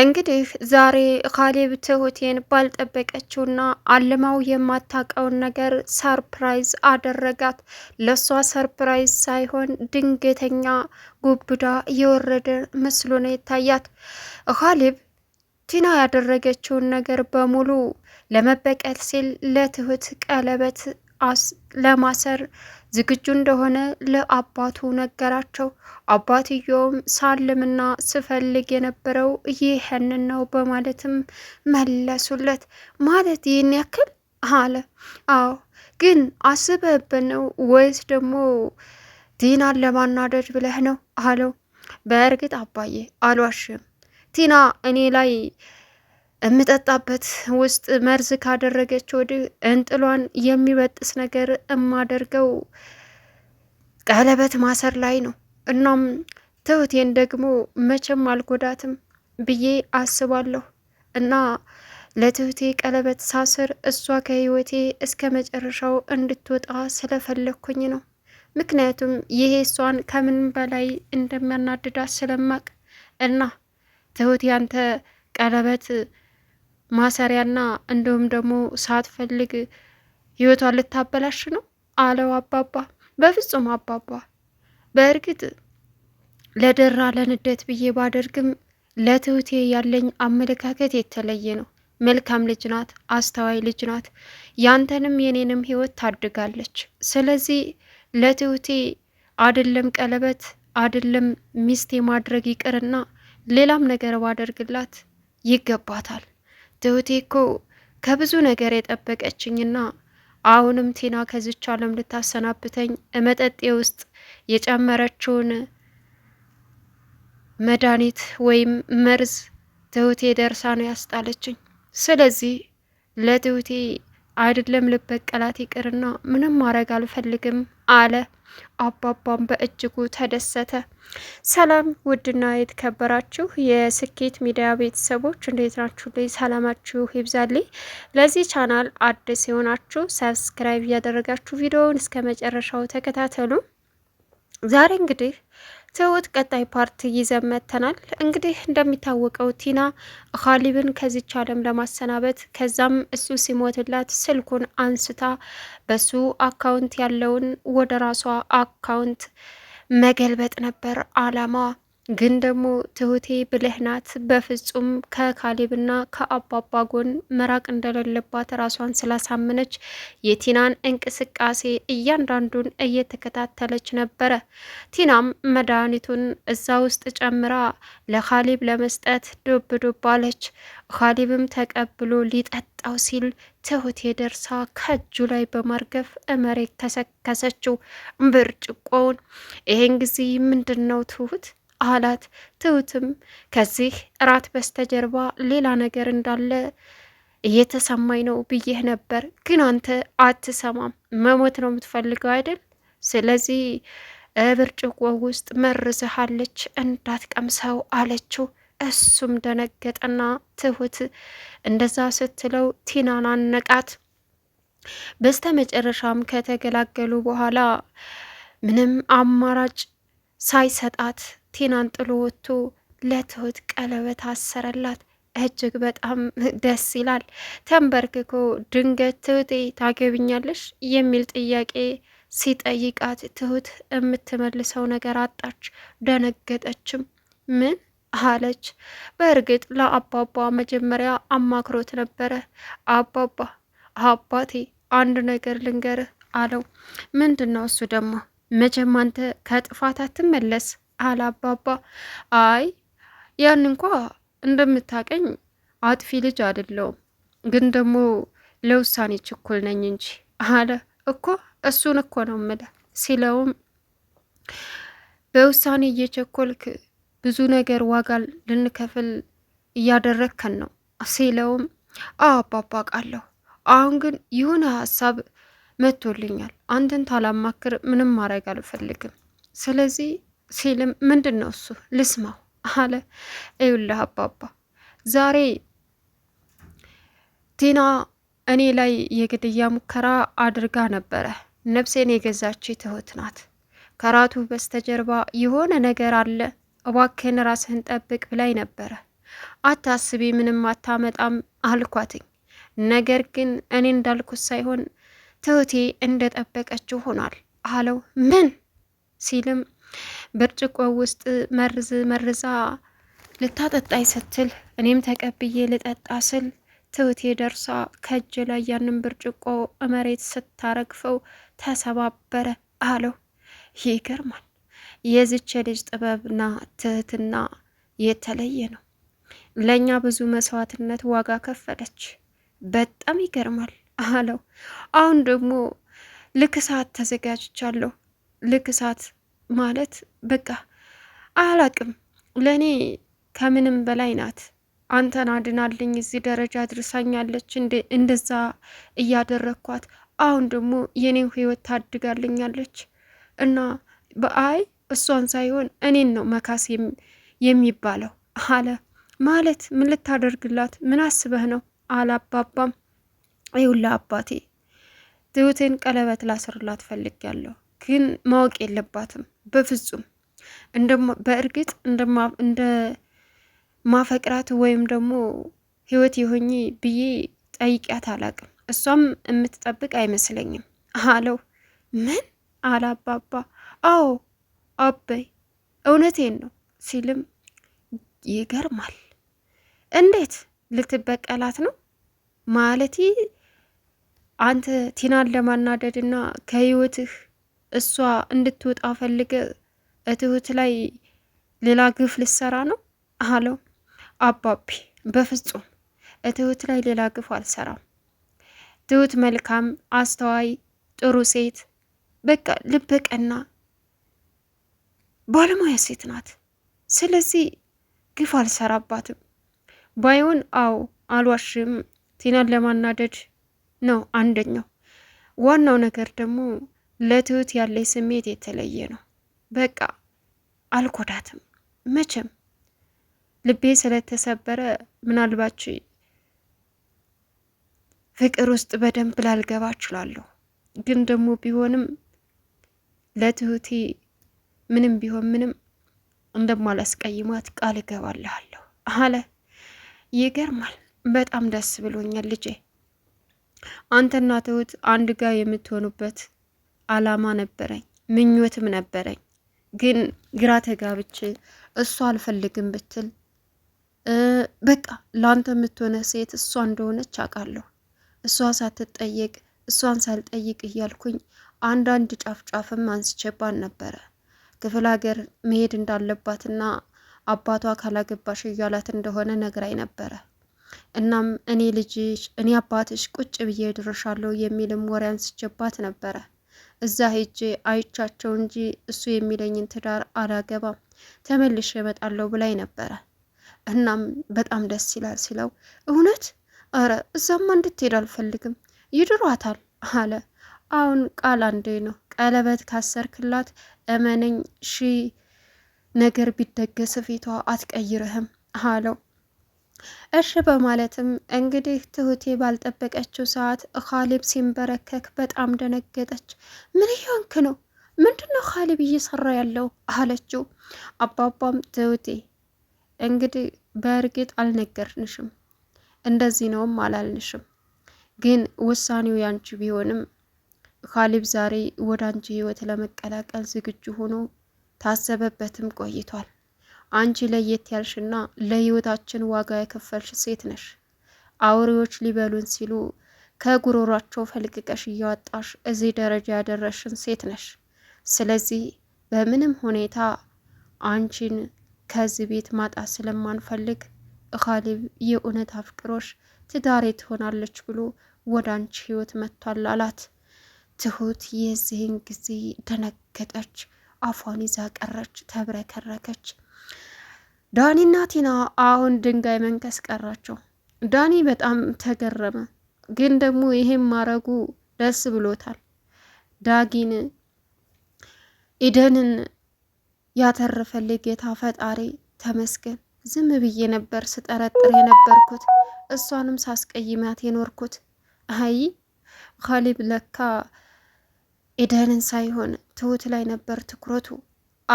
እንግዲህ ዛሬ ካሌብ ትሁቴን ባልጠበቀችውና አልማው የማታውቀውን ነገር ሰርፕራይዝ አደረጋት። ለእሷ ሰርፕራይዝ ሳይሆን ድንገተኛ ጉብዳ የወረደ ምስሉ ነው የታያት። ካሌብ ቲና ያደረገችውን ነገር በሙሉ ለመበቀል ሲል ለትሁት ቀለበት ለማሰር ዝግጁ እንደሆነ ለአባቱ ነገራቸው። አባትየውም ሳልምና ስፈልግ የነበረው ይህንን ነው በማለትም መለሱለት። ማለት ይህን ያክል አለ። አዎ ግን አስበህበት ነው ወይስ ደግሞ ቲናን ለማናደድ ብለህ ነው አለው። በእርግጥ አባዬ አልዋሽም ቲና እኔ ላይ የምጠጣበት ውስጥ መርዝ ካደረገች ወዲህ እንጥሏን የሚበጥስ ነገር እማደርገው ቀለበት ማሰር ላይ ነው። እናም ትሁቴን ደግሞ መቼም አልጎዳትም ብዬ አስባለሁ እና ለትሁቴ ቀለበት ሳስር እሷ ከህይወቴ እስከ መጨረሻው እንድትወጣ ስለፈለግኩኝ ነው። ምክንያቱም ይሄ እሷን ከምን በላይ እንደሚያናድዳት ስለማቅ እና ትሁት ያንተ ቀለበት ማሰሪያና እንዲሁም ደግሞ ሳትፈልግ ህይወቷን ልታበላሽ ነው አለው አባባ። በፍጹም አባባ፣ በእርግጥ ለደራ ለንዴት ብዬ ባደርግም ለትሁቴ ያለኝ አመለካከት የተለየ ነው። መልካም ልጅ ናት፣ አስተዋይ ልጅ ናት። ያንተንም የኔንም ህይወት ታድጋለች። ስለዚህ ለትሁቴ አደለም ቀለበት አደለም ሚስቴ ማድረግ ይቅርና ሌላም ነገር ባደርግላት ይገባታል። ትሁቴ እኮ ከብዙ ነገር የጠበቀችኝና አሁንም ቲና ከዚች ዓለም ልታሰናብተኝ መጠጤ ውስጥ የጨመረችውን መድኃኒት ወይም መርዝ ትሁቴ ደርሳ ነው ያስጣለችኝ። ስለዚህ ለትሁቴ አይደለም ልበቀላት ይቅርና ምንም ማድረግ አልፈልግም አለ። አባባም በእጅጉ ተደሰተ። ሰላም ውድና የተከበራችሁ የስኬት ሚዲያ ቤተሰቦች እንዴት ናችሁ? ላይ ሰላማችሁ ይብዛልኝ። ለዚህ ቻናል አዲስ የሆናችሁ ሰብስክራይብ እያደረጋችሁ ቪዲዮውን እስከ መጨረሻው ተከታተሉ። ዛሬ እንግዲህ ትሁት ቀጣይ ፓርት ይዘመተናል እንግዲህ እንደሚታወቀው ቲና ኻሊብን ከዚች ዓለም ለማሰናበት ከዛም እሱ ሲሞትላት ስልኩን አንስታ በሱ አካውንት ያለውን ወደ ራሷ አካውንት መገልበጥ ነበር አላማ ግን ደግሞ ትሁቴ ብልህ ናት። በፍጹም ከካሌብና ከአባባ ጎን መራቅ እንደሌለባት ራሷን ስላሳመነች የቲናን እንቅስቃሴ እያንዳንዱን እየተከታተለች ነበረ። ቲናም መድኃኒቱን እዛ ውስጥ ጨምራ ለካሌብ ለመስጠት ዶብዶባለች፣ ዶብ አለች። ካሌብም ተቀብሎ ሊጠጣው ሲል ትሁቴ ደርሳ ከእጁ ላይ በማርገፍ መሬት ተሰከሰችው ብርጭቆውን። ይሄን ጊዜ ምንድን ነው ትሁት አላት። ትሁትም ከዚህ እራት በስተጀርባ ሌላ ነገር እንዳለ እየተሰማኝ ነው ብዬህ ነበር፣ ግን አንተ አትሰማም። መሞት ነው የምትፈልገው አይደል? ስለዚህ ብርጭቆ ውስጥ መርዝሃለች፣ እንዳትቀምሰው አለችው። እሱም ደነገጠና ትሁት እንደዛ ስትለው ቲናን አነቃት። በስተ መጨረሻም ከተገላገሉ በኋላ ምንም አማራጭ ሳይሰጣት ቲናን ጥሎ ወጥቶ ለትሁት ቀለበት አሰረላት። እጅግ በጣም ደስ ይላል። ተንበርክኮ ድንገት ትሁቴ ታገብኛለሽ የሚል ጥያቄ ሲጠይቃት ትሁት የምትመልሰው ነገር አጣች፣ ደነገጠችም። ምን አለች? በእርግጥ ለአባባ መጀመሪያ አማክሮት ነበረ። አባባ አባቴ አንድ ነገር ልንገርህ አለው። ምንድን ነው እሱ ደግሞ? መቼም አንተ ከጥፋት አትመለስ አላባባ አይ ያን እንኳ እንደምታቀኝ አጥፊ ልጅ አይደለውም፣ ግን ደግሞ ለውሳኔ ችኩል ነኝ እንጂ አለ እኮ እሱን እኮ ነው ምለ ሲለውም በውሳኔ እየቸኮልክ ብዙ ነገር ዋጋ ልንከፍል እያደረግከን ነው ሲለውም አባባ ቃለሁ አሁን ግን የሆነ ሀሳብ መጥቶልኛል። አንተን ታላማክር ምንም ማድረግ አልፈልግም። ስለዚህ ሲልም ምንድን ነው እሱ ልስማው አለ። እዩልህ አባባ ዛሬ ቲና እኔ ላይ የግድያ ሙከራ አድርጋ ነበረ። ነፍሴን የገዛች ትሁት ናት። ከራቱ በስተጀርባ የሆነ ነገር አለ። እባክህን ራስህን ጠብቅ ብላይ ነበረ። አታስቢ፣ ምንም አታመጣም አልኳትኝ። ነገር ግን እኔ እንዳልኩት ሳይሆን ትሁቴ እንደጠበቀችው ሆኗል አለው። ምን ሲልም ብርጭቆ ውስጥ መርዝ መርዛ ልታጠጣኝ ስትል እኔም ተቀብዬ ልጠጣ ስል ትውቴ ደርሳ ከእጅ ላይ ያንን ብርጭቆ መሬት ስታረግፈው ተሰባበረ አለው። ይገርማል። የዚች ልጅ ጥበብና ትህትና የተለየ ነው። ለእኛ ብዙ መስዋዕትነት ዋጋ ከፈለች። በጣም ይገርማል አለው። አሁን ደግሞ ልክሳት ተዘጋጅቻለሁ ልክሳት ማለት በቃ አላቅም። ለእኔ ከምንም በላይ ናት። አንተን አድናልኝ እዚህ ደረጃ አድርሳኛለች። እንደዛ እያደረግኳት አሁን ደግሞ የኔን ህይወት ታድጋልኛለች እና በአይ እሷን ሳይሆን እኔን ነው መካስ የሚባለው አለ። ማለት ምን ልታደርግላት ምን አስበህ ነው አላባባም ይውላ አባቴ ትሁትን ቀለበት ላስርላት ፈልጊያለሁ ግን ማወቅ የለባትም በፍጹም። በእርግጥ እንደ ማፈቅራት ወይም ደግሞ ህይወት የሆኝ ብዬ ጠይቂያት አላቅም። እሷም የምትጠብቅ አይመስለኝም አለው። ምን አባባ? አዎ አበይ እውነቴን ነው ሲልም ይገርማል። እንዴት ልትበቀላት ነው ማለት? አንተ ቲናን ለማናደድ እና ከህይወትህ እሷ እንድትወጣ ፈልገ እትሁት ላይ ሌላ ግፍ ልሰራ ነው አለው። አባቢ በፍጹም እትሁት ላይ ሌላ ግፍ አልሰራም። ትሁት መልካም፣ አስተዋይ፣ ጥሩ ሴት በቃ ልበቀና ባለሙያ ሴት ናት። ስለዚህ ግፍ አልሰራባትም። ባይሆን አዎ አልዋሽም፣ ቲናን ለማናደድ ነው አንደኛው። ዋናው ነገር ደግሞ ለትሁት ያለኝ ስሜት የተለየ ነው። በቃ አልጎዳትም። መቼም ልቤ ስለተሰበረ ምናልባች ፍቅር ውስጥ በደንብ ላልገባ እችላለሁ። ግን ደግሞ ቢሆንም ለትሁቴ ምንም ቢሆን ምንም እንደማላስቀይማት ቃል እገባልሃለሁ አለ። ይገርማል። በጣም ደስ ብሎኛል ልጄ። አንተና ትሁት አንድ ጋር የምትሆኑበት አላማ ነበረኝ፣ ምኞትም ነበረኝ። ግን ግራ ተጋብቼ እሷ አልፈልግም ብትል በቃ ለአንተ የምትሆነ ሴት እሷ እንደሆነች አውቃለሁ። እሷ ሳትጠየቅ እሷን ሳልጠይቅ እያልኩኝ አንዳንድ ጫፍ ጫፍም አንስቼባን ነበረ ክፍለ ሀገር መሄድ እንዳለባትና አባቷ ካላገባሽ እያላት እንደሆነ ነግራኝ ነበረ። እናም እኔ ልጅሽ እኔ አባትሽ ቁጭ ብዬ ድርሻለሁ የሚልም ወሬ አንስቼባት ነበረ። እዛ ሄጄ አይቻቸው እንጂ እሱ የሚለኝን ትዳር አላገባም ተመልሼ እመጣለሁ ብላኝ ነበረ። እናም በጣም ደስ ይላል ሲለው እውነት ኧረ እዛማ እንድትሄድ አልፈልግም ይድሯታል አለ። አሁን ቃል አንዴ ነው ቀለበት ካሰርክላት እመነኝ ሺ ነገር ቢደገስ ፊቷ አትቀይርህም አለው። እሺ በማለትም እንግዲህ ትሁቴ ባልጠበቀችው ሰዓት ኻሊብ ሲንበረከክ በጣም ደነገጠች። ምን እያንክ ነው? ምንድን ነው እየሰራ ያለው አለችው። አባባም ትሁቴ እንግዲህ በእርግጥ አልነገርንሽም፣ እንደዚህ ነውም አላልንሽም፣ ግን ውሳኔው ያንቺ ቢሆንም ኻሊብ ዛሬ ወደ አንቺ ህይወት ለመቀላቀል ዝግጁ ሆኖ ታሰበበትም ቆይቷል አንቺ ለየት ያልሽና ለህይወታችን ዋጋ የከፈልሽ ሴት ነሽ። አውሬዎች ሊበሉን ሲሉ ከጉሮሯቸው ፈልቅቀሽ እያወጣሽ እዚህ ደረጃ ያደረሽን ሴት ነሽ። ስለዚህ በምንም ሁኔታ አንቺን ከዚህ ቤት ማጣት ስለማንፈልግ ኻሊብ የእውነት አፍቅሮሽ ትዳሬ ትሆናለች ብሎ ወደ አንቺ ህይወት መጥቷል አላት። ትሁት የዚህን ጊዜ ደነገጠች፣ አፏን ይዛ ቀረች፣ ተብረከረከች። ዳኒና ቲና አሁን ድንጋይ መንከስ ቀራቸው። ዳኒ በጣም ተገረመ፣ ግን ደግሞ ይሄም ማረጉ ደስ ብሎታል። ዳጊን ኢደንን ያተረፈልግ ጌታ ፈጣሪ ተመስገን። ዝም ብዬ ነበር ስጠረጥር የነበርኩት እሷንም ሳስቀይማት የኖርኩት። አይ ኻሊብ ለካ ኢደንን ሳይሆን ትሁት ላይ ነበር ትኩረቱ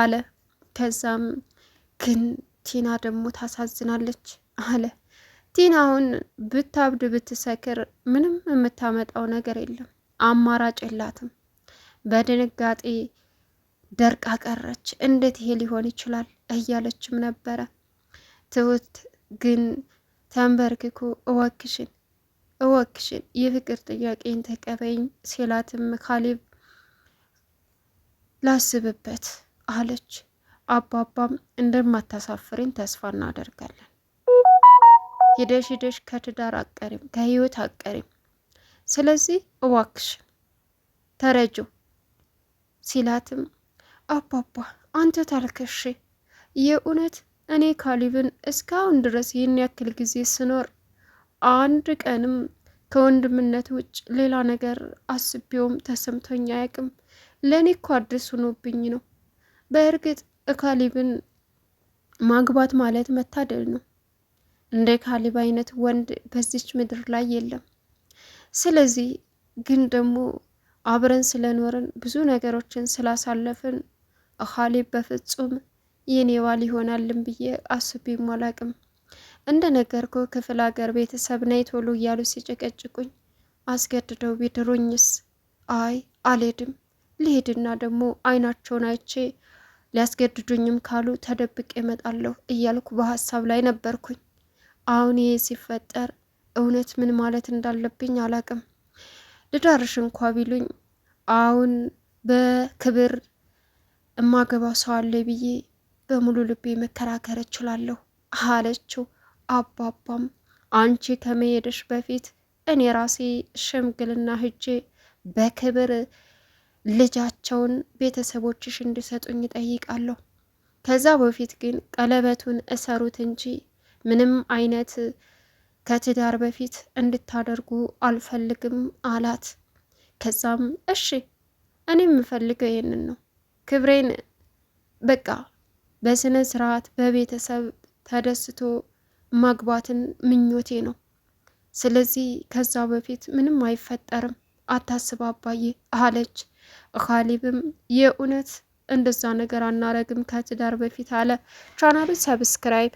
አለ። ከዛም ግን ቲና ደግሞ ታሳዝናለች አለ። ቲና አሁን ብታብድ ብትሰክር ምንም የምታመጣው ነገር የለም፣ አማራጭ የላትም። በድንጋጤ ደርቃ ቀረች። እንዴት ይሄ ሊሆን ይችላል እያለችም ነበረ። ትሁት ግን ተንበርክኮ እወክሽን እወክሽን የፍቅር ጥያቄን ተቀበኝ ሲላትም ካሊብ ላስብበት አለች። አባባም እንደማታሳፍሪን ተስፋ እናደርጋለን። ሂደሽ ሂደሽ ከትዳር አቀሪም ከህይወት አቀሪም፣ ስለዚህ እዋክሽ ተረጆ ሲላትም አባባ አንተ ታልከሽ የእውነት እኔ ካሊብን እስካሁን ድረስ ይህን ያክል ጊዜ ስኖር አንድ ቀንም ከወንድምነት ውጭ ሌላ ነገር አስቤውም ተሰምቶኝ አያውቅም። ለእኔ እኮ አዲስ ሆኖብኝ ነው። በእርግጥ ካሊብን ማግባት ማለት መታደል ነው። እንደ ካሊብ አይነት ወንድ በዚች ምድር ላይ የለም። ስለዚህ ግን ደግሞ አብረን ስለኖርን ብዙ ነገሮችን ስላሳለፍን ካሊብ በፍጹም የኔ ባል ይሆናልን ብዬ አስቤም አላቅም። እንደ ነገርኩ ክፍለ ሀገር ቤተሰብ ነይ ቶሎ እያሉ ሲጨቀጭቁኝ አስገድደው ቢድሩኝስ? አይ አልሄድም። ልሄድና ደግሞ አይናቸውን አይቼ ሊያስገድዱኝም ካሉ ተደብቄ እመጣለሁ እያልኩ በሀሳብ ላይ ነበርኩኝ። አሁን ይሄ ሲፈጠር እውነት ምን ማለት እንዳለብኝ አላቅም። ልዳርሽ እንኳ ቢሉኝ አሁን በክብር እማገባው ሰው አለ ብዬ በሙሉ ልቤ መከራከር እችላለሁ አለችው። አባባም አንቺ ከመሄደሽ በፊት እኔ ራሴ ሽምግልና ሂጄ በክብር ልጃቸውን ቤተሰቦችሽ እንዲሰጡኝ ይጠይቃለሁ ከዛ በፊት ግን ቀለበቱን እሰሩት እንጂ ምንም አይነት ከትዳር በፊት እንድታደርጉ አልፈልግም አላት። ከዛም እሺ እኔ የምፈልገው ይህንን ነው፣ ክብሬን በቃ በስነ ስርዓት በቤተሰብ ተደስቶ ማግባትን ምኞቴ ነው። ስለዚህ ከዛ በፊት ምንም አይፈጠርም፣ አታስብ አባዬ አለች። ካሌብም የእውነት እንደዛ ነገር አናረግም ከትዳር በፊት አለ። ቻናሉን ሰብስክራይብ